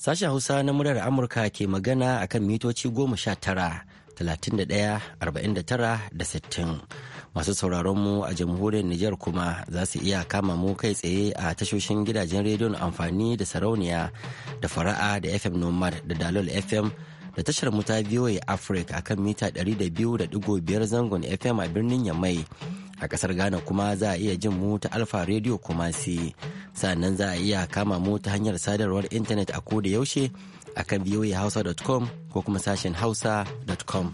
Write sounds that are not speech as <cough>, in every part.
Sashen Hausa na murar Amurka ke magana a kan mitoci goma sha tara, talatin da ɗaya, arba'in da tara da sittin. Masu sauraron mu a jamhuriyar Nijar kuma za su iya kama mu kai tsaye a tashoshin gidajen rediyon amfani da sarauniya da fara'a da FM Nomad da Dalol FM da tashar mu ta VOA Africa kan mita 200.5 zangon FM a birnin Yamai. a kasar ghana kuma za a iya jin mu ta alfa radio si sannan za a iya kama mu ta hanyar sadarwar intanet a koda yaushe a kan voahausa.com ko kuma sashen hausa.com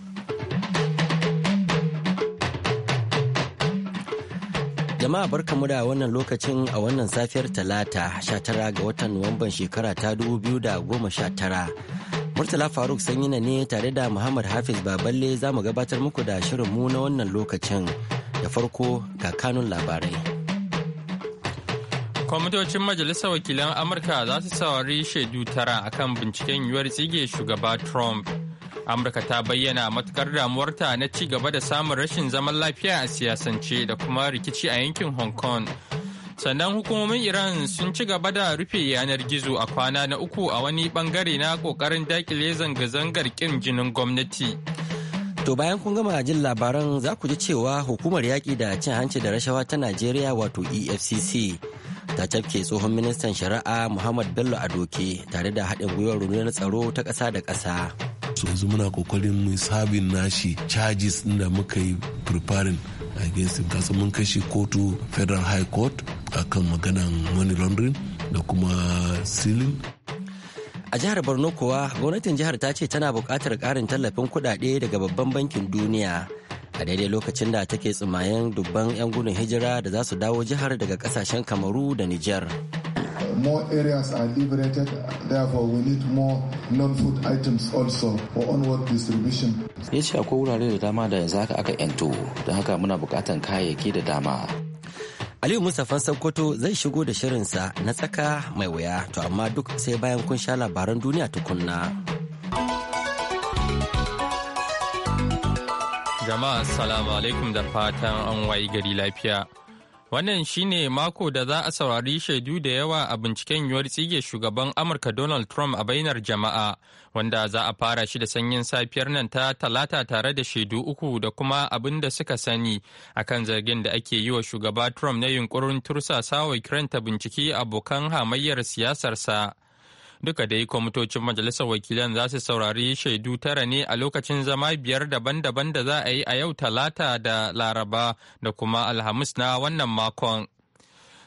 jama'a barkamu da wannan lokacin a wannan safiyar talata 19 ga watan nuwamban shekara ta 2019 Murtala Faruk Sanyina ne tare da Muhammad Hafiz Baballe za mu gabatar muku da shirinmu na wannan lokacin. da farko ga kanun labarai kwamitocin majalisar wakilan amurka za su saurari shaidu tara akan binciken yiwuwar tsige shugaba trump amurka ta bayyana matukar damuwarta na ci gaba da samun rashin zaman lafiya a siyasance da kuma rikici a yankin hong kong sannan hukumomin iran sun ci gaba da rufe yanar gizo a kwana na uku a wani bangare na kokarin dakile zanga-zangar kin jinin gwamnati To bayan kun gama jin labaran za ku ji cewa hukumar yaƙi da cin hanci da rashawa ta Najeriya wato EFCC ta cafke tsohon ministan shari'a Muhammad Bello Adoke tare da haɗin gwiwar rundunar tsaro ta ƙasa da ƙasa. yanzu muna kokarin mu sabin nashi charges din da muka yi preparing against him kasa mun kashe kotu federal high court akan maganan money laundering da kuma sealing A jihar Borno kuwa gwamnatin jihar ta ce tana bukatar karin tallafin kuɗaɗe daga babban bankin duniya a daidai lokacin da take tsimayen dubban 'yan gudun hijira da za su dawo jihar daga kasashen Kamaru da Nijar. more areas are liberated. Therefore, we need more items also distribution. Ya ce akwai wurare da dama da yanzu haka aka yanto, don haka muna bukatan kayayyaki da dama. Aliyu Mustapha Sokoto zai shigo da shirinsa na tsaka mai wuya to amma duk sai bayan kun sha labaran duniya tukunna. Jama'a salamu alaikum da fatan an wayi gari lafiya. Wannan shi ne mako da za a saurari shaidu da yawa a binciken yiwuwar tsige shugaban Amurka Donald Trump a bainar jama'a, wanda za a fara shi da sanyin safiyar nan ta talata tare da shaidu uku da kuma abin da suka sani a kan zargin da ake yi wa shugaba Trump na yunkurin tursasa wa kiranta bincike abokan hamayyar siyasarsa. Duka dai kwamitocin Majalisar Wakilan za su saurari shaidu tara ne a lokacin zama biyar daban-daban da za a yi a yau Talata da Laraba da kuma Alhamis na wannan makon.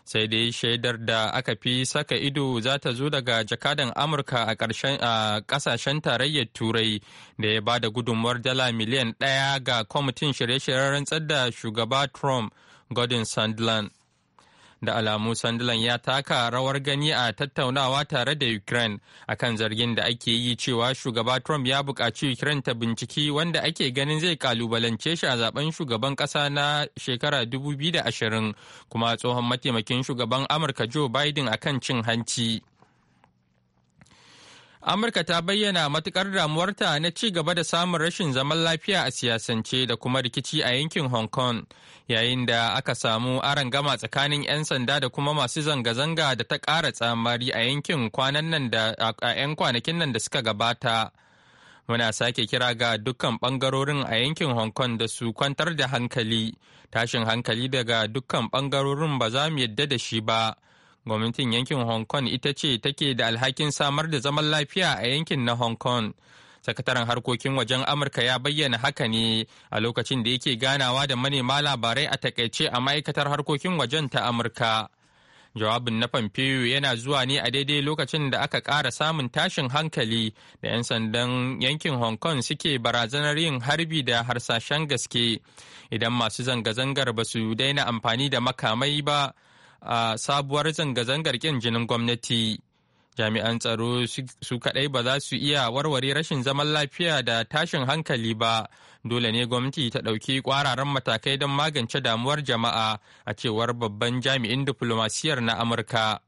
Sai dai shaidar da aka fi saka ido za ta zo daga jakadan Amurka a kasashen tarayyar Turai da ya ba da gudunmuwar dala miliyan ɗaya ga kwamitin shirye-shiryen rantsar da shugaba Trump Gordon Sandland. da alamu sandalan ya taka rawar gani a tattaunawa tare da ukraine akan zargin da ake yi cewa shugaba trump ya buƙaci ukraine ta binciki wanda ake ganin zai kalubalance shi a zaben shugaban ƙasa na shekara 2020 kuma tsohon mataimakin shugaban amurka joe biden akan cin hanci Amurka ta bayyana matukar damuwarta na ci gaba da samun rashin zaman lafiya a siyasance da kuma rikici a yankin Hong Kong, yayin da aka samu aron gama tsakanin 'yan sanda da kuma masu zanga-zanga da ta ƙara tsamari a yankin kwanan nan da a 'yan kwanakin nan da suka gabata. Muna sake kira ga dukkan bangarorin a yankin Hong Kong da su kwantar da hankali. Tashin hankali daga dukkan bangarorin ba za mu yadda da shi ba. gwamnatin yankin hong kong ita ce take da alhakin samar da zaman lafiya a yankin na hong kong sakataren harkokin wajen amurka ya bayyana haka ne a lokacin da yake ganawa da manema labarai a takaice a ma'aikatar harkokin wajen ta amurka jawabin na pompeo yana zuwa ne a daidai lokacin da aka ƙara samun tashin hankali da 'yan sandan yankin hong kong suke barazanar yin harbi da harsashen gaske idan masu zanga-zangar ba su daina amfani da makamai ba a sabuwar zanga-zangar ƙin jinin gwamnati jami'an tsaro su kaɗai ba za su iya warware rashin zaman lafiya da tashin hankali ba dole ne gwamnati ta ɗauki ƙwararren matakai don magance damuwar jama'a a cewar babban jami'in diflomasiyar na amurka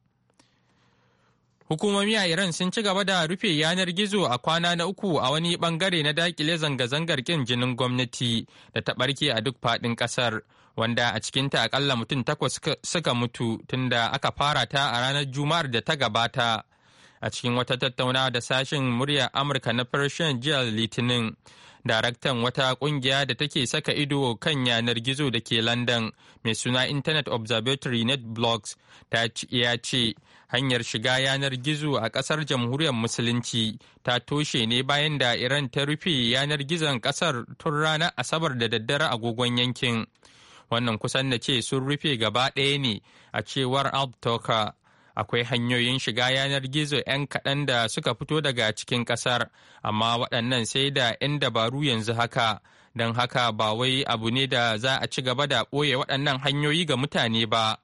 Hukumomi a Iran sun ci gaba da rufe yanar gizo a kwana na uku a wani bangare na dakile zanga-zangar kin jinin gwamnati da ta ɓarke a duk faɗin ƙasar. wanda a cikinta akalla mutum takwas suka mutu tunda aka fara ta a ranar Juma'ar da ta gabata. A cikin wata tattaunawa da sashen muryar Amurka na Persian jiya Litinin, daraktan wata kungiya da take saka ido kan yanar gizo da ke London mai suna Internet Observatory Net Blogs ta ya ce hanyar shiga yanar gizo a kasar jamhuriyar musulunci ta toshe ne bayan da Iran ta rufe yanar gizon kasar tun ranar Asabar da daddare agogon yankin. wannan kusan na ce sun rufe gaba ɗaya ne a cewar altoka akwai hanyoyin shiga yanar gizo 'yan kaɗan da suka fito daga cikin ƙasar amma waɗannan sai da 'yan dabaru yanzu haka don haka ba wai abu ne da za a ci gaba da ɓoye waɗannan hanyoyi ga mutane ba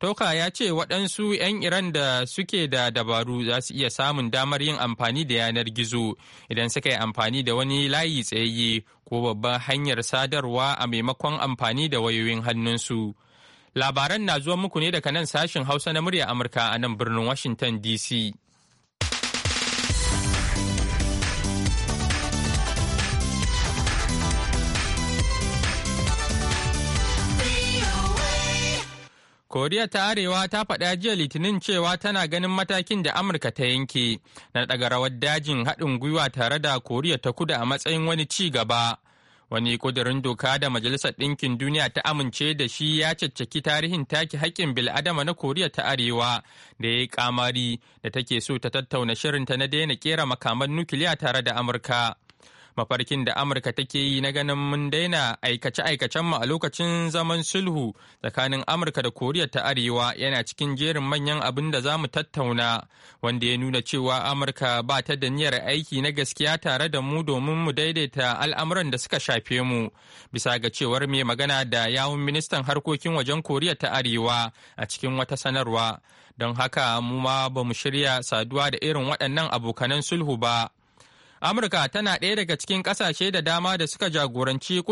toka ya ce waɗansu 'yan iran da suke da dabaru za su iya samun damar yin amfani da yanar gizo idan suka yi amfani da wani layi tsayayye ko babban hanyar sadarwa a maimakon amfani da wayoyin hannunsu. Labaran na zuwa muku ne daga nan sashen Hausa na murya Amurka a nan birnin Washington DC. koriya ta arewa ta faɗa jiya litinin cewa tana ganin matakin da amurka ta yanke na daga rawar dajin haɗin gwiwa tare da koriya ta kudu a matsayin wani ci gaba wani kudurin doka da majalisar ɗinkin duniya ta amince da shi ya caccaki tarihin take haƙƙin bil'adama na koriya ta arewa da ya yi kamari da take so ta tattauna shirinta na daina ƙera makaman nukiliya tare da amurka mafarkin da amurka take yi na ganin mun daina aikace aikacen mu a lokacin zaman sulhu tsakanin amurka da koriya ta arewa yana cikin jerin manyan abin da za mu tattauna wanda ya nuna cewa amurka ba ta da niyyar aiki na gaskiya tare da mu domin mu daidaita al'amuran da suka shafe mu bisa ga cewar mai magana da yawun ministan harkokin wajen koriya ta arewa a cikin wata sanarwa don haka mu ma ba mu shirya saduwa da irin waɗannan abokanan sulhu ba Amurka tana ɗaya daga cikin ƙasashe da dama da suka jagoranci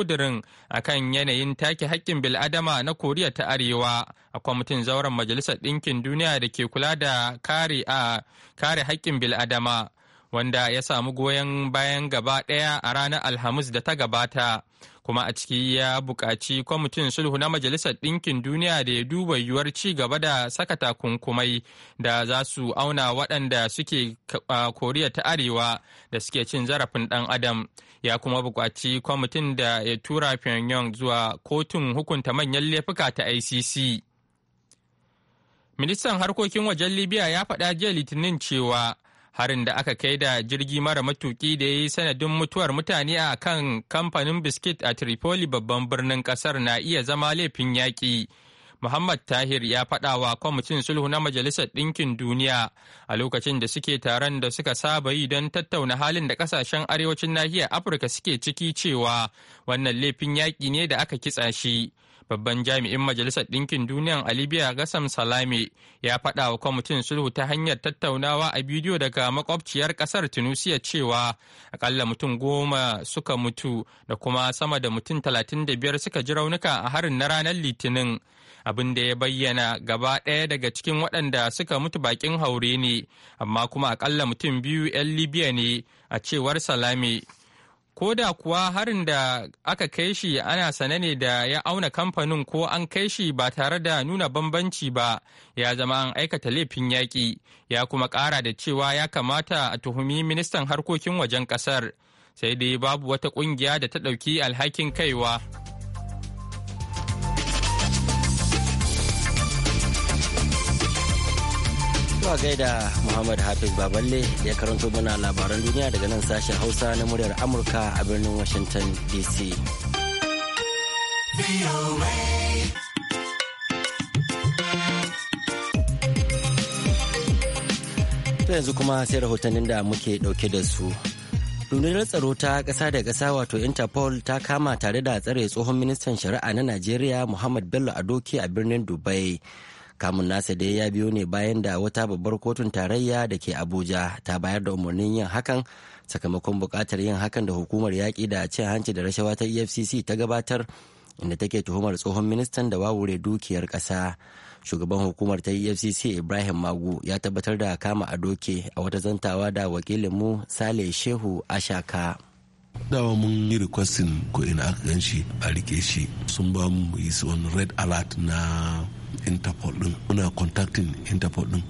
a kan yanayin take haƙƙin bil'adama na Koriya ta Arewa a kwamitin zauren Majalisar Ɗinkin Duniya da ke kula da kare a kare haƙƙin bil'adama wanda ya samu goyon bayan gaba ɗaya a ranar Alhamis da ta gabata. kuma a ciki ya buƙaci kwamitin sulhu na majalisar ɗinkin duniya da ya duba yiwuwar ci gaba da saka takunkumai da za su auna waɗanda suke koriya ta arewa da suke cin zarafin ɗan adam ya kuma buƙaci kwamitin da ya tura pyongyang zuwa kotun hukunta manyan laifuka ta icc ministan harkokin wajen libya ya faɗa jiya litinin cewa harin da aka kai da jirgi mara matuki da ya yi sanadin mutuwar mutane a kan kamfanin biskit a tripoli babban birnin kasar na iya zama laifin yaƙi muhammad tahir ya faɗa wa kwamitin sulhu na majalisar ɗinkin duniya a lokacin da suke taron da suka saba yi don tattauna halin da ƙasashen arewacin nahiyar afirka suke ciki cewa wannan laifin yaƙi ne da aka kitsa shi babban jami'in majalisar ɗinkin duniyan a libya gasam salame ya faɗa wa kwamitin sulhu ta hanyar tattaunawa a bidiyo daga makwabciyar ƙasar tunisia cewa akalla mutum goma suka mutu da kuma sama da mutum talatin da biyar suka ji raunuka a harin na ranar litinin abin da ya bayyana gaba ɗaya daga cikin waɗanda suka mutu bakin haure ne amma kuma akalla mutum biyu 'yan libya ne a cewar salame ko da kuwa harin da aka kai shi ana sane ne da ya auna kamfanin ko an kai shi ba tare da nuna bambanci ba ya zama an aikata laifin yaƙi ya kuma ƙara da cewa ya kamata a tuhumi ministan harkokin wajen ƙasar sai dai babu wata ƙungiya da ta ɗauki alhakin kaiwa. Zuwa gaida Muhammad Hafiz Baballe ya karanto mana labaran duniya daga nan sashen Hausa na muryar Amurka a birnin Washington DC. yanzu kuma sai rahotannin da muke dauke da su rundunar tsaro ta ƙasa da ƙasa wato interpol ta kama tare da tsare tsohon ministan shari'a na najeriya muhammad bello adoki a birnin dubai kamun nasa dai ya biyo ne bayan da wata babbar kotun tarayya da ke abuja ta bayar da umarnin yin hakan sakamakon buƙatar yin hakan da hukumar yaƙi da cin hanci da rashawa ta efcc ta gabatar inda take tuhumar tsohon ministan da wawure dukiyar ƙasa shugaban hukumar ta efcc ibrahim magu ya tabbatar da kama a doke a wata zantawa da wakilinmu sale shehu ashaka dawa mun yi requesting ko ina aka ganshi a rike shi sun ba mu yi wani red alert na interpol din muna contacting interpol din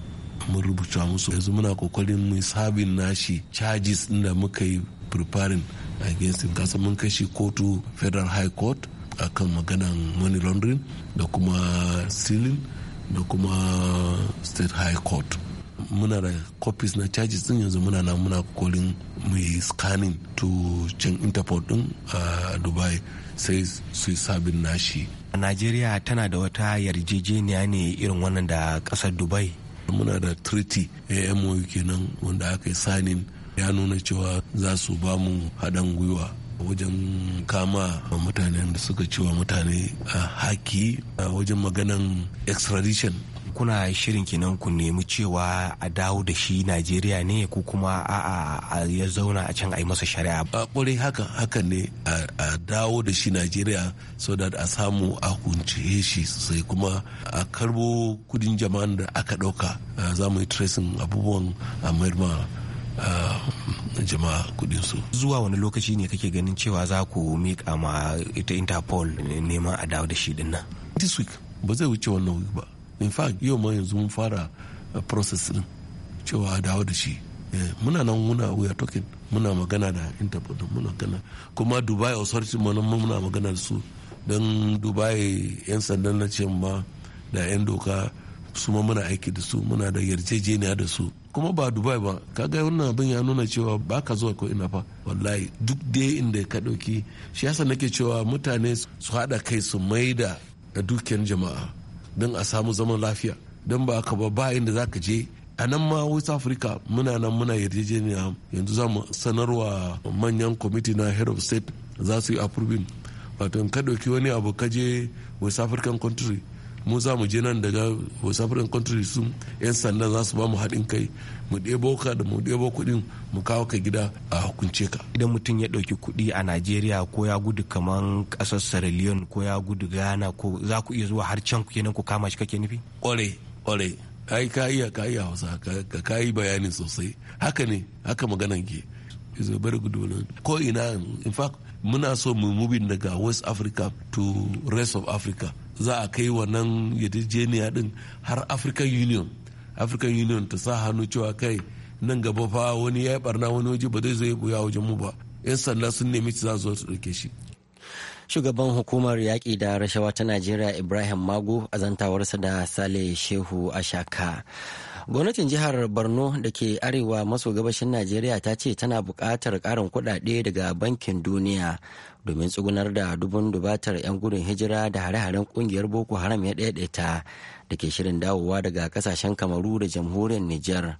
mun rubuta musu yanzu muna kokarin mu sabin nashi charges din da muka yi preparing against him kasa mun shi kotu federal high court akan maganan money laundering da kuma stealing da kuma state high court muna da copies na charges din yanzu muna na muna kokarin mu yi scanning to can interpol din a dubai sai su yi sabin nashi najeriya tana da wata yarjejeniya ne irin wannan da kasar dubai muna da treaty amo kenan wanda aka yi sanin ya nuna cewa za su ba mu haɗin gwiwa wajen kama mutanen da suka cewa mutane a haki a wajen maganan extradition kuna shirin kinan ku nemi cewa a dawo da shi najeriya ne ko kuma a'a ya zauna a can a yi masa shari'a a kwarai haka haka ne a dawo da shi najeriya so da a samu a kunce shi sosai kuma a karbo kudin jama'an da aka dauka za mu tracing abubuwan a mayar jama'a kudin su zuwa wani lokaci ne kake ganin cewa za ku mika ma ita interpol neman a dawo da shi dinnan this week ba zai wuce wannan week ba in fact yau ma yanzu mun fara eh, process din cewa a dawo da shi eh, muna nan muna we are talking muna magana da interpol muna magana kuma dubai authority ma muna magana da su don dubai yan sandan na ce ma da yan doka su ma muna aiki da su muna da yarjejeniya da su kuma ba dubai ba kaga wannan abin ya nuna cewa ba ka zuwa ko ina fa wallahi duk dai inda ka ɗauki shi yasa nake cewa mutane su hada kai su maida da dukiyar jama'a don a samu zaman lafiya don ba ka ba ba inda za ka je a nan ma west africa muna nan muna yarjejeniya yanzu za mu sanarwa manyan kwamiti na head of state za su yi approving wato in ka ɗauki wani abu ka je west african country mun za mu je nan daga west african country su yan sanda za su ba mu haɗin kai mu ɗebo ka da mu ɗebo kuɗin mu kawo ka gida a hukunce ka idan mutum ya ɗauki kuɗi a najeriya ko ya gudu kaman ƙasar sierra leone ko ya gudu ghana ko za ku iya zuwa har can ku kenan ku kama shi kake nufi ƙware ƙware ai ka iya ka iya hausa ka ka yi bayani sosai haka ne haka maganan ke izo bari gudu ko ina in fact muna so mu mubin daga west africa to rest of africa za a kai wannan yarjejeniya din har african union african union ta sa hannu cewa kai nan gaba fa wani ya yi barna wani waje ba zai zo buya wajen mu ba yan sanda sun nemi za su su ɗauke shi shugaban hukumar yaƙi da rashawa ta najeriya ibrahim mago a zantawarsa da sale shehu ashaka gwamnatin jihar borno da ke arewa maso gabashin najeriya ta ce tana buƙatar ƙarin kuɗaɗe daga bankin duniya domin tsugunar da dubun dubatar 'yan gudun hijira da hare-haren ƙungiyar boko haram ya ɗaiɗaita da ke shirin dawowa daga ƙasashen kamaru da jamhuriyar niger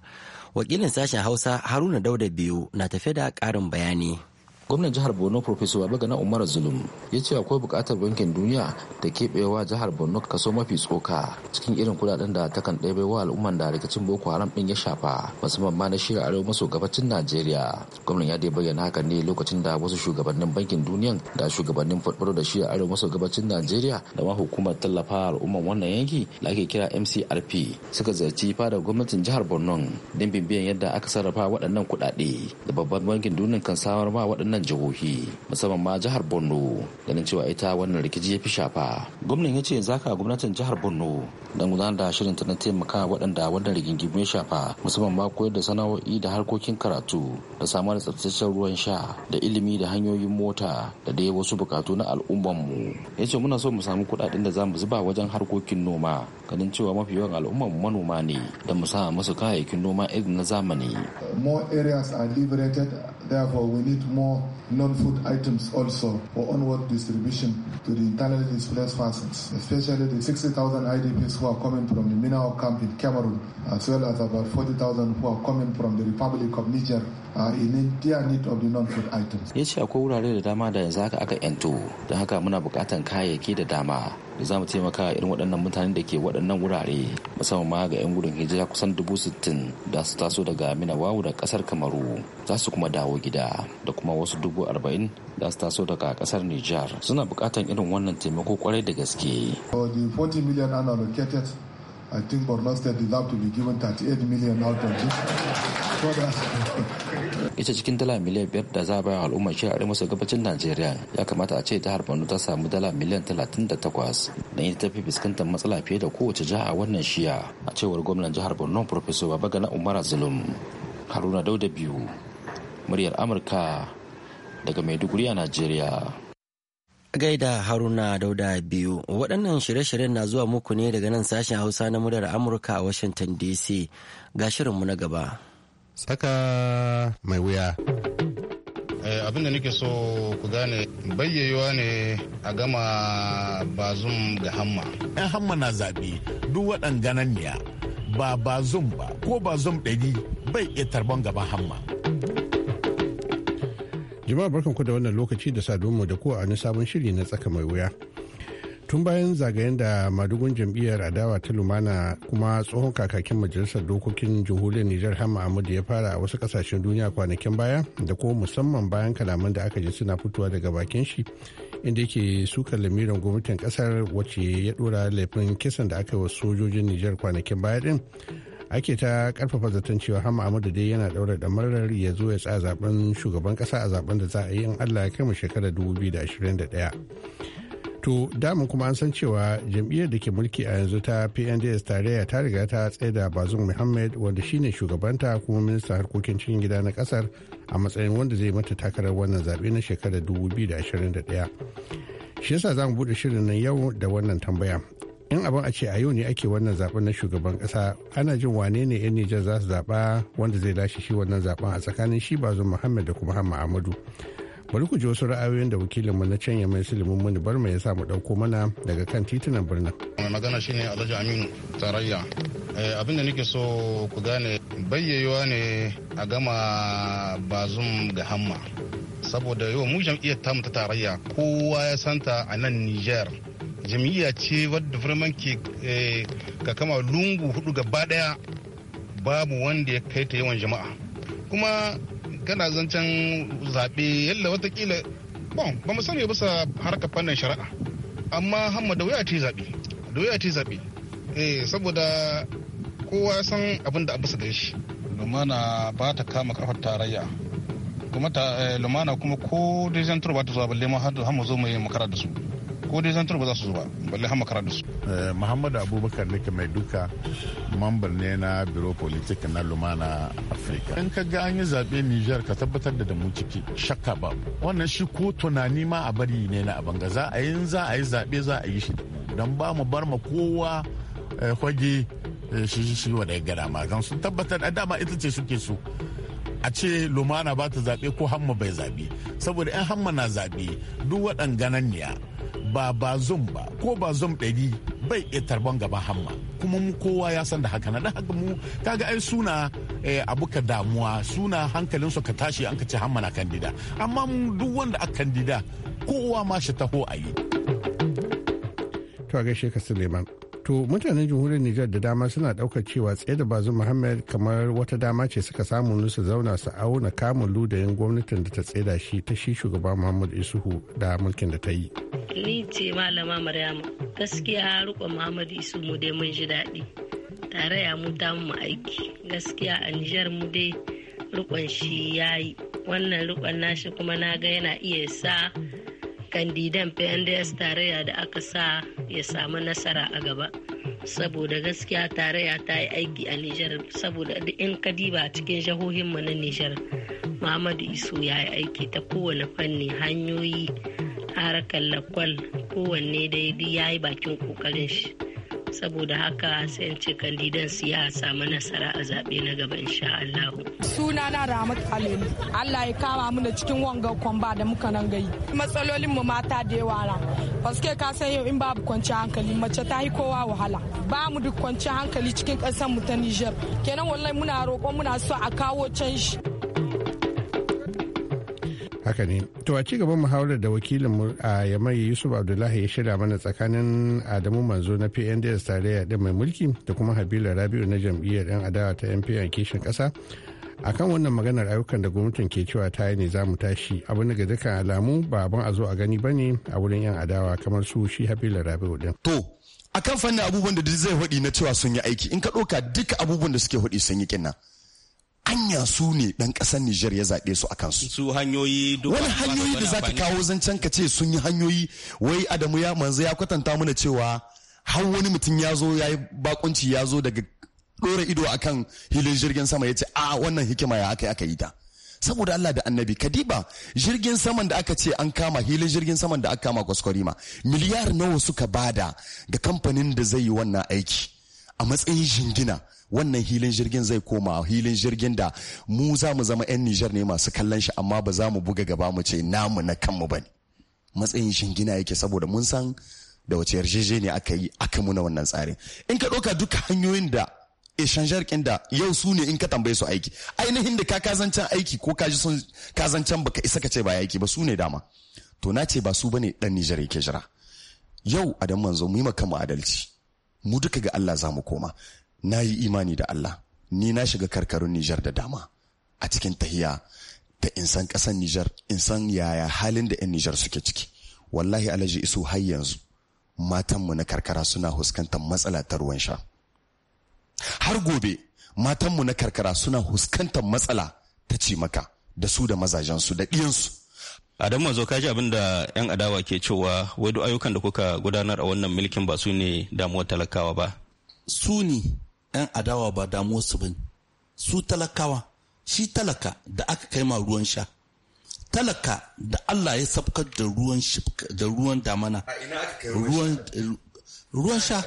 wakilin sashen hausa haruna dauda biyu na tafe da ƙarin bayani gwamnan jihar borno professor babagana umar zulum ya ce akwai bukatar bankin duniya da keɓewa jihar borno kaso mafi tsoka cikin irin kudaden da ta takan ɗebe wa al'umman da rikicin boko haram ɗin ya shafa musamman ma na shirya arewa maso gabacin najeriya gwamnan ya dai bayyana haka ne lokacin da wasu shugabannin bankin duniyan da shugabannin fadɓaro da shirya arewa maso gabacin najeriya da ma hukumar tallafa al'umman wannan yanki da ake kira mcrp suka ziyarci fadar gwamnatin jihar borno don bibiyan yadda aka sarrafa waɗannan kuɗaɗe da babban bankin duniyan kan samar ma waɗannan waɗannan jihohi musamman ma jihar borno ganin cewa ita wannan rikici ya fi shafa gwamnan ya ce zaka gwamnatin jihar borno don gudanar da shirin ta na taimaka waɗanda wannan rigingimu ya shafa musamman ma koyar da sana'o'i da harkokin karatu da samar da tsabtataccen ruwan sha da ilimi da hanyoyin mota da dai wasu bukatu na al'ummanmu ya ce muna so mu samu kuɗaɗen da za mu zuba wajen harkokin noma ganin cewa mafi yawan al'umman manoma ne da mu sa musu kayayyakin noma irin na zamani more areas are liberated therefore we need more non-food items also for onward distribution to the internally displaced persons, especially the 60,000 IDPs who are coming from the Minao camp in Cameroon, as well as about 40,000 who are coming from the Republic of Niger a their need of the non-food items. Ya ce akwai wurare da dama da yanzu haka aka 'yanto, don haka muna bukatan kayayyaki da dama da za mu taimaka irin waɗannan mutanen da ke waɗannan wurare musamman ma ga 'yan gudun hijira kusan dubu sittin da su taso daga minawawu da ƙasar kamaru za su kuma dawo gida da kuma wasu dubu arba'in da su taso daga ƙasar nijar suna buƙatar irin wannan taimako kwarai da gaske. I think Borno State deserve to be given 38 million out of this. <laughs> ita cikin dala miliyan biyar da za a bayar al'ummar shi a maso gabacin najeriya ya kamata a ce jihar borno ta samu dala miliyan talatin da takwas da ita tafi fuskantar matsala fiye da kowace jiha a wannan shiya a cewar gwamnan jihar borno professor babagana umar zulum haruna dauda biyu muryar amurka daga maiduguri a najeriya gaida haruna dauda biyu waɗannan shirye-shiryen na zuwa muku ne daga nan sashen hausa na muryar amurka a washington dc ga shirinmu na gaba tsaka mai wuya. Eh, abin da nake so ku gane bayyayewa ne a gama bazum ga hamma. yan hamma na zaɓe duk waɗan ya ba bazum ba ko bazum ɗari bai iya tarban gaban hamma. jama'a barkan ku da wannan lokaci da sadonmu da ku a wani sabon shiri na tsaka mai wuya. tun bayan zagayen da madugun jam'iyyar adawa ta lumana kuma tsohon kakakin majalisar dokokin jihohiyar nijar hama ahmadu ya fara a wasu kasashen duniya kwanakin baya da kuma musamman bayan kalaman da aka ji suna fitowa daga bakin shi inda yake sukar lamirin gwamnatin kasar wacce ya dora laifin kisan da aka yi wa sojojin nijar kwanakin baya din ake ta karfafa zaton cewa hama amadu dai yana daura damarar ya zo ya tsaya zaben shugaban kasa a zaben da za a yi in allah ya kai mu shekarar 2021 to damu kuma an san cewa jam'iyyar da ke mulki a yanzu ta pnds tarayya ta riga ta tsaida bazum muhammad wanda shine shugabanta kuma minista harkokin cikin gida na kasar a matsayin wanda zai mata takarar wannan zaɓe na shekarar 2021 shi yasa za mu buɗe shirin nan yau da wannan tambaya in abin a ce a yau ne ake wannan zaben na shugaban kasa ana jin wane ne yan nijar za su zaɓa wanda zai lashe shi wannan zaɓen a tsakanin shi bazum muhammad da kuma hamma amadu bari ku ji wasu ra'ayoyin da wakilinmu na can mai silimin mun barma ya samu ɗauko mana daga kan titunan birnin. mai magana shine alhaji aminu tarayya eh, abin da nake so ku gane bayyayewa ne a gama bazum ga hamma saboda yau mu jam'iyyar mu ta tarayya kowa ya santa a nan niger jam'iyya ce wadda firman ke eh, ka kama lungu hudu gaba daya babu wanda ya kai ta yawan jama'a kuma kana zancen zaɓe yalla watakila bon ba mu sani bisa harkar fannin shari'a amma hamma da wuya ta zaɓe da wuya ta zaɓe eh saboda kowa ya san abin da abu su shi lumana ba ta kama kafar tarayya kuma eh, lumana kuma ko dai zan turba ta zuwa balle ma har mu zo mu yi makara da su ko dai zantar ba za su zuba balle hama da su. Eh, muhammadu abubakar ne mai duka mambar ne na biro politik na lumana afirka in ka ga an yi zaɓe niger ka tabbatar da mu ciki shakka ba wannan shi ko tunani ma a bari ne na ga za a yi za a yi zaɓe za a yi shi don ba mu bar ma kowa kwage eh, eh, shi shi shi wadai gada ma zan sun tabbatar a dama ita ce suke so a ce lumana ba ta zaɓe ko hamma bai zaɓe saboda 'yan hamma na zaɓe duk waɗan gananniya ba ba zum ba ko ba zum ɗari bai iya tarban gaban hamma kuma mu kowa ya san da haka na haka mu kaga ai suna eh, abu ka damuwa suna hankalin su ka tashi an ka ce hamma na kandida amma mu duk wanda a kandida kowa ma shi taho a yi. To gaishe ka Suleiman. to mutanen jamhuriyar nijar da dama suna daukar cewa tsaye da bazu muhammad kamar wata dama ce suka samu nusa zauna su auna kamun ludayin gwamnatin da ta tsaida shi ta shi shugaba muhammad isuhu da mulkin da ta yi ni ce malama maryama gaskiya rukon muhammad Isuhu dai mun ji daɗi tare ya mu damu mu aiki gaskiya a nijar mu dai rukon shi yayi wannan rukon nashi kuma na ga yana iya sa kandidan PNDS tarayya da aka sa ya samu nasara a gaba. Saboda gaskiya tarayya ta yi aiki a Nijar saboda in kadiba cikin jihohinmu na Nijar. Muhammadu iso ya yi aiki ta kowane fanni hanyoyi harkar lakwal kowanne daidai ya yi bakin kokarin shi. saboda haka sai ce kandidan siya samu nasara a zaɓe na gaba insha Allah. Suna na Ramat Alelu. Allah ya kama mu da cikin wanga kwamba da muka nan gayi. Matsalolin mu mata da yawa na. Paske ka san yau in babu kwanciyar hankali mace ta yi kowa wahala. Ba mu duk kwanciyar hankali cikin ƙasar mu ta Nijar, Kenan wallahi muna roƙon muna so a kawo canji. haka ne to a ci gaban muhawarar da wakilin mu a yamai yusuf abdullahi ya shirya mana tsakanin adamu manzo na pnds tarayya din mai mulki da kuma habila rabiu na jam'iyyar yan adawa ta yan npn kishin kasa akan wannan maganar ayyukan da gwamnatin ke cewa ta yi ne za mu tashi abu ga dukkan alamu ba abin a zo a gani ba ne a wurin yan adawa kamar su shi habila rabiu din to akan fannin abubuwan da zai hudi na cewa sun yi aiki in ka ɗauka duka abubuwan da suke hudi sun yi kinna anya su ne dan kasar Nijar ya zaɓe su a kansu. Su hanyoyi Wani hanyoyi da za ta kawo zancen ka ce sun yi hanyoyi wai Adamu ya manzo ya kwatanta mana cewa har wani mutum ya zo ya yi bakunci ya zo daga ɗora ido akan hilin jirgin sama ya ce a ah, wannan hikima ya aka aka yi ta. saboda Allah da annabi kadiba jirgin saman da aka ce an kama hilin jirgin saman da aka kama kwaskwarima miliyar nawa suka bada ga kamfanin da zai yi wannan aiki a matsayin jingina wannan hilin jirgin zai koma hilin jirgin da mu za mu zama 'yan Nijar ne masu kallon shi amma ba za mu buga gaba mu ce namu na kanmu ba ne matsayin jingina yake saboda mun san da wace yarjejeniya aka yi aka muna wannan tsarin in ka ɗauka duka hanyoyin da ishanjar da yau su ne in ka tambaye su aiki ainihin da ka kazancan aiki ko ka ji sun kazancan baka isa ka ce ba aiki ba su ne dama to na ce ba su bane dan Nijar yake jira yau a dan manzo mu yi maka adalci mu duka ga Allah za mu koma na yi imani da Allah ni na shiga karkarun Nijar da dama a cikin tahiya ta insan ƙasar Nijar insan yaya halin da 'yan Nijar suke ciki wallahi alaji isu har yanzu matanmu na karkara suna huskantar matsala ta ruwan sha har gobe matanmu na karkara suna huskantar matsala ta cimaka da su da mazajensu da ɗiyansu Adam Mazo ka ji abin da 'yan adawa ke cewa wai duk ayyukan da kuka gudanar a wannan mulkin ba su ne damuwar talakawa ba. Su ne 'yan adawa ba damuwar su ba Su talakawa, shi talaka da aka kai ma ruwan sha. Talaka da Allah ya sabkar da ruwan da ruwan damana. Ruwan ruwan sha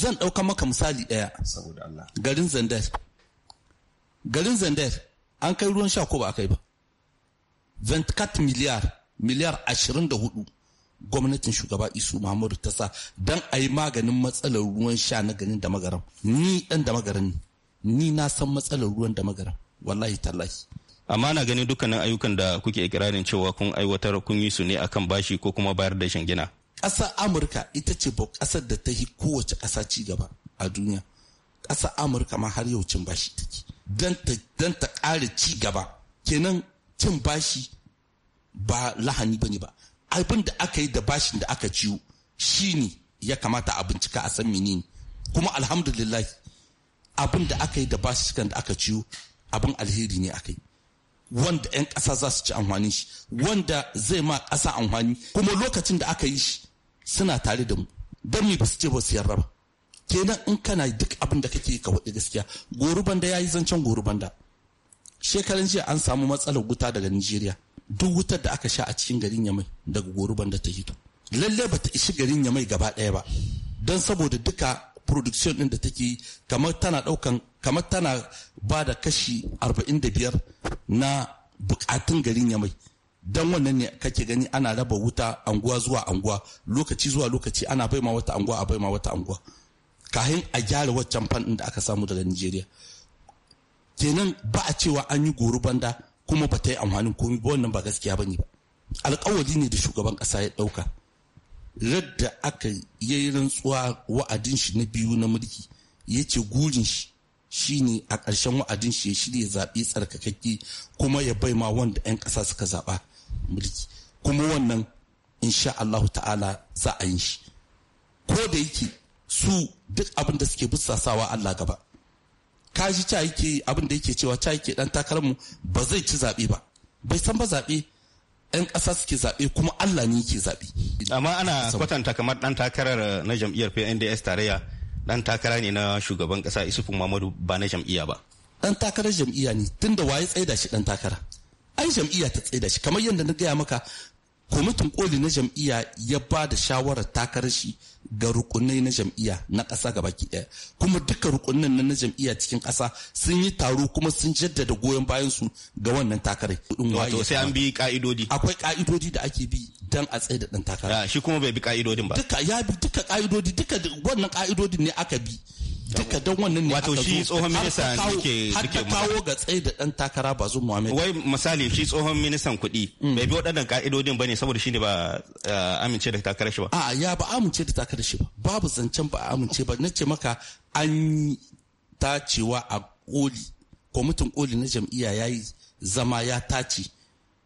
zan ɗauka maka misali ɗaya. Garin Zandar. Garin Zandar an kai ruwan sha ko ba a kai ba. 24 miliyar miliyar 24 gwamnatin shugaba isu muhammadu ta sa don a yi maganin matsalar ruwan sha na ganin da magaram ni dan da magaran ni na san matsalar ruwan da magaram wallahi tallahi amma na ganin dukkanin ayyukan da kuke ikirarin cewa kun aiwatar kun yi su ne akan bashi ko kuma bayar da gina. ƙasa amurka ita ce ƙasar da ta yi kowace ƙasa ci gaba a duniya ƙasa amurka ma har yau cin bashi take don ta ƙara ci gaba kenan cin bashi ba lahani bane ba abin da aka yi da bashin da aka ciwo shine ya kamata a bincika a san menene kuma alhamdulillah abin da aka yi da bashin da aka ciwo abin alheri ne aka yi wanda 'yan ƙasa za su ci amfani shi wanda zai ma ƙasa amfani kuma lokacin da aka yi shi suna tare da mu don me ba su ce ba su yarda ba kenan in kana duk abin da kake ka waɗi gaskiya goruban da ya yi zancen goruban da shekaran jiya an samu matsalar wuta daga Nijeriya duk wutar da aka sha a cikin garin Yamai daga goruban da ta hito lalle ba ta ishi garin Yamai gaba ɗaya ba don saboda duka production din da take yi kamar tana daukan kamar tana ba da kashi 45 na bukatun garin Yamai don wannan ne kake gani ana raba wuta anguwa zuwa anguwa lokaci zuwa lokaci ana baima wata anguwa a baima wata anguwa kahin a gyara waccan fan da aka samu daga Nijeriya kenan ba a cewa an yi goro banda kuma ba ta yi amfanin komi ba wannan ba gaskiya ba ne ba alkawari ne da shugaban ƙasa ya ɗauka radda aka yi rantsuwa wa'adin shi na biyu na mulki ya ce gurin shi shine a ƙarshen wa'adin shi ya shirya zaɓe tsarkakakke kuma ya bai ma wanda 'yan ƙasa suka zaɓa mulki kuma wannan insha Allahu ta'ala za a yi shi ko da yake su duk abin da suke bussasawa Allah gaba kashi ca yake abin da yake cewa ca yake dan takararmu ba zai ci zaɓe ba bai san ba zaɓe 'yan ƙasa suke zaɓe kuma Allah ne yake zaɓe. Amma ana kwatanta kamar ɗan takarar eh, na jam'iyyar PNDS tarayya ɗan takara ne na shugaban ƙasa Isufu Muhammadu ba na jam'iyya ba. Ɗan takarar jam'iyya ne tun da waye tsaida shi ɗan takara. Ai jam'iyya ta tsaida shi kamar yadda na gaya maka kwamitin koli na jam'iyya ya ba da shawarar takarar shi ga rukunai na jam'iyya na ƙasa gabaki ɗaya kuma duka rukunin na jam'iyya cikin ƙasa sun yi taro kuma sun jaddada goyon bayan su ga wannan takarai wato sai an bi ka'idodi akwai ka'idodi da ake bi dan a tsaye da dan takara ah, shi kuma bai bi ka'idodin ba duka ya bi duka ka'idodi duka wannan ka'idodin ne aka bi duka don wannan ne wato shi tsohon minista ke ke kawo ga tsaye da dan takara ba zuwa Muhammad wai misali shi tsohon ministan kuɗi mm. bai bi waɗannan ka'idodin bane saboda shi ne ba eh, amince da takarar shi ba a ya ba amince da takarar shi ba babu zancen ba amince ba nace maka an tacewa a koli kwamitin koli na jam'iyya yayi zama ya tace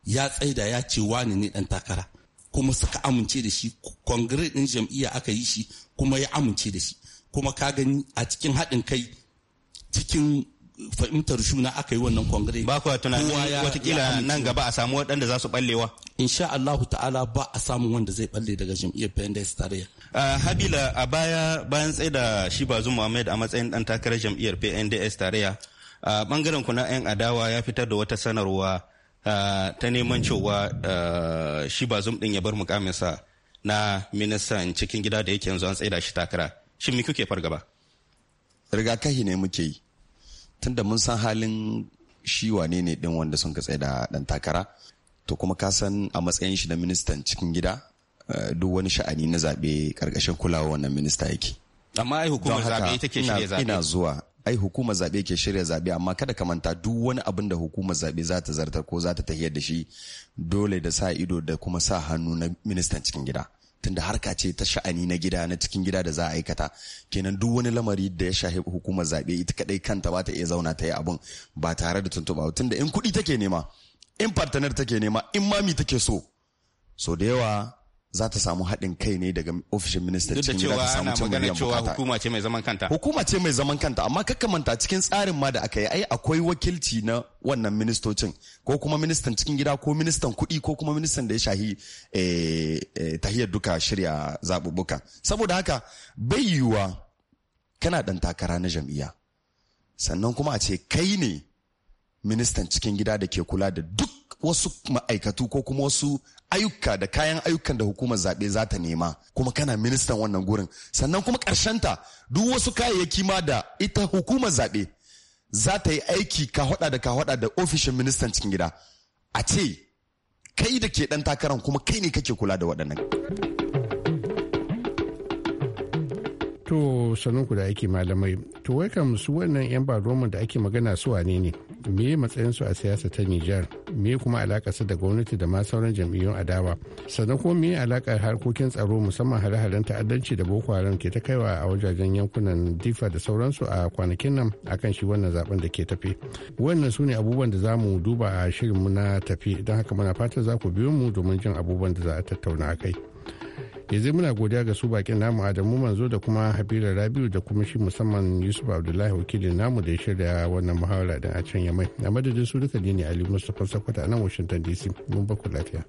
ya tsaida ya ce wani ne dan takara kuma suka amince da shi kongire din jam'iyya aka yi shi kuma ya amince da shi kuma ka gani a cikin haɗin kai cikin fahimtar juna aka yi wannan kongire ba ku tunanin watakila nan gaba a samu waɗanda za su ɓallewa insha Allah ta'ala ba a samu wanda zai balle daga jam'iyyar PNDS tarayya Habila a baya bayan tsaye da shi bazu Muhammad a matsayin dan takarar jam'iyyar PNDS tarayya bangaren ku na yan adawa ya fitar da wata sanarwa ta neman cewa shi bazum din ya bar mukaminsa na ministan cikin gida da yake yanzu an da shi takara shin me kuke fargaba rigakafi ne muke yi tunda mun san halin shi wane ne din wanda sun ka da dan takara to kuma ka san a matsayin shi na ministan cikin gida eh, duk wani sha'ani na zaɓe ƙarƙashin kulawa wannan minista yake amma ai hukumar zaɓe take shirya zaɓe ina zuwa ai hukumar zaɓe ke shirya zaɓe amma kada ka manta duk wani abin da hukumar zaɓe za ta zartar ko za ta tafiyar da shi dole da sa ido da kuma sa hannu na ministan cikin gida tunda harka ce ta sha'ani na gida na cikin gida da za a aikata kenan duk wani lamari da ya shafi hukumar zaɓe ita kadai kanta ba ta iya zauna ta yi abun ba tare da tuntuɓa tunda in kuɗi take nema in partner take nema in mami take so so da yawa za ta samu haɗin kai ne daga ofishin minista cikin gida ta samu cin miliyan cewa hukuma ce mai zaman kanta hukuma ce mai zaman kanta amma kakkamanta cikin tsarin ma da aka yi ai akwai wakilci na wannan ministocin ko kuma ministan cikin gida ko ministan kuɗi ko kuma ministan da ya shahi eh, eh, tahiyar duka shirya zaɓuɓɓuka saboda haka bai yiwuwa kana ɗan takara na jam'iyya sannan kuma a ce kai ne ministan cikin gida da ke kula da duk wasu ma'aikatu ko kuma wasu ayyuka da kayan ayyukan da hukumar zaɓe za ta nema kuma kana ministan wannan gurin sannan kuma ta duk wasu kayayyaki ma da ita hukumar zaɓe za ta yi aiki ka hada da ka hada da ofishin ministan cikin gida a ce kai da ke ɗan takaran kuma kai ne kake kula da waɗannan. To ku da ake malamai, to wai kam su wannan 'yan baroman da ake magana su wane ne? me matsayinsu a siyasa ta Nijar me kuma alakarsu da gwamnati da ma sauran jam'iyyun adawa sannan kuma me alakar harkokin tsaro musamman hare-haren ta'addanci da Boko Haram ke ta kaiwa a wajajen yankunan Difa da sauransu a kwanakin nan akan shi wannan zaben da ke tafe wannan su ne abubuwan da za mu duba a shirin mu na tafi don haka muna fatan za ku biyo mu domin jin abubuwan da za a tattauna a kai. yanzu muna godiya ga su bakin namu adamu manzo da kuma habira rabiu da kuma shi musamman yusuf abdullahi wakilin namu da ya shirya wannan muhawara da a can yamai a madadin su duka ne ali mustapha sakwata a nan washington dc mun baku lafiya.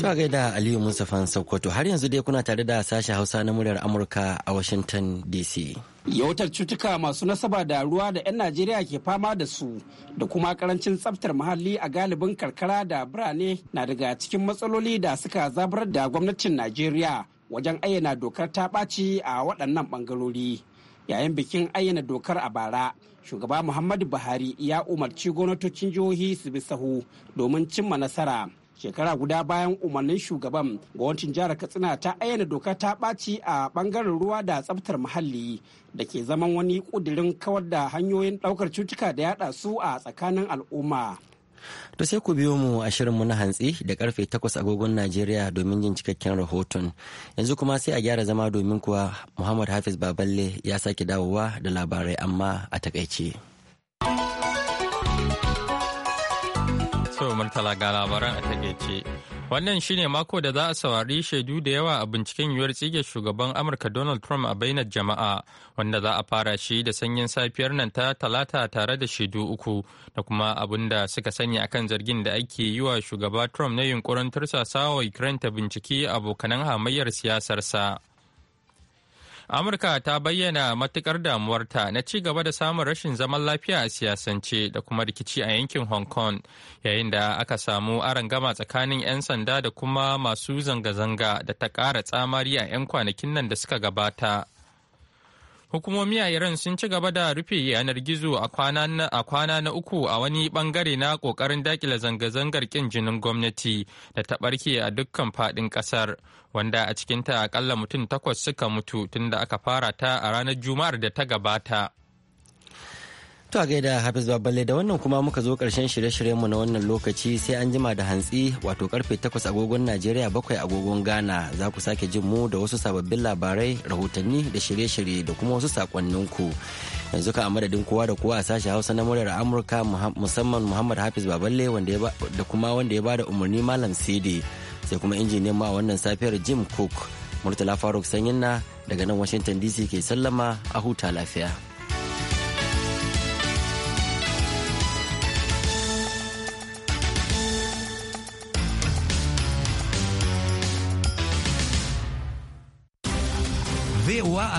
Tuwa gaida Aliyu Mustapha Sokoto har yanzu dai kuna tare da sashen Hausa na muryar Amurka a Washington DC. Yawatar cutuka masu nasaba da ruwa da 'yan Najeriya ke fama da su da kuma karancin tsaftar muhalli a galibin karkara da birane na daga cikin matsaloli da suka zabar da gwamnatin Najeriya wajen ayyana dokar ta ɓaci a waɗannan ɓangarori. Yayin bikin ayyana dokar a bara, shugaba Muhammadu Buhari ya umarci gwamnatocin jihohi su bi sahu domin cimma nasara. shekara guda bayan umarnin shugaban gwamnatin jihar katsina ta ayyana doka ta ɓaci a ɓangaren ruwa da tsabtar muhalli da ke zaman wani ƙudirin kawar da hanyoyin ɗaukar cutuka da yaɗa su a tsakanin al'umma To sai ku biyo mu a shirin mu na hantsi da karfe 8 agogon Najeriya domin yin cikakken rahoton. Yanzu kuma sai a gyara zama domin kuwa Muhammad Hafiz Baballe ya sake dawowa da labarai amma a takaice. so Murtala ga labaran a takaice. Wannan shine mako da za a saurari shaidu da yawa a binciken yiwuwar tsige shugaban Amurka Donald Trump a bainar jama'a wanda za a fara shi da sanyin safiyar nan ta talata tare da shaidu uku da kuma abin da suka sani akan zargin da ake yi wa shugaba Trump na yunkurin tursasa wa Ukraine ta binciki abokanan hamayyar siyasarsa. amurka ta bayyana matukar damuwarta na ci gaba da samun rashin zaman lafiya a siyasance da kuma rikici a yankin hong kong yayin da aka samu aron gama tsakanin 'yan sanda da kuma masu zanga-zanga da ta ƙara tsamari a 'yan kwanakin nan da suka gabata. hukumomi a iran sun ci gaba da rufe yanar gizo a kwana na uku a wani bangare na kokarin dakile zanga-zangar kin jinin gwamnati da ta barke a dukkan fadin kasar wanda a cikinta akalla mutum takwas suka mutu tunda aka fara ta a ranar juma'ar da ta gabata To a gaida Hafiz Baballe da wannan kuma muka zo karshen shirye-shiryenmu na wannan lokaci sai an jima da hantsi wato karfe 8 agogon Najeriya bakwai agogon Ghana za ku sake jin mu da wasu sababbin labarai rahotanni da shirye-shirye da kuma wasu sakonninku. Yanzu ka a madadin kowa da kowa a sashi Hausa na muryar Amurka musamman Muhammad Hafiz Baballe da kuma wanda ya bada umarni Malam Sidi sai kuma injiniyan ma wannan safiyar Jim Cook. Murtala Faruk Sanyin na daga nan Washington DC ke sallama a huta lafiya. arewa a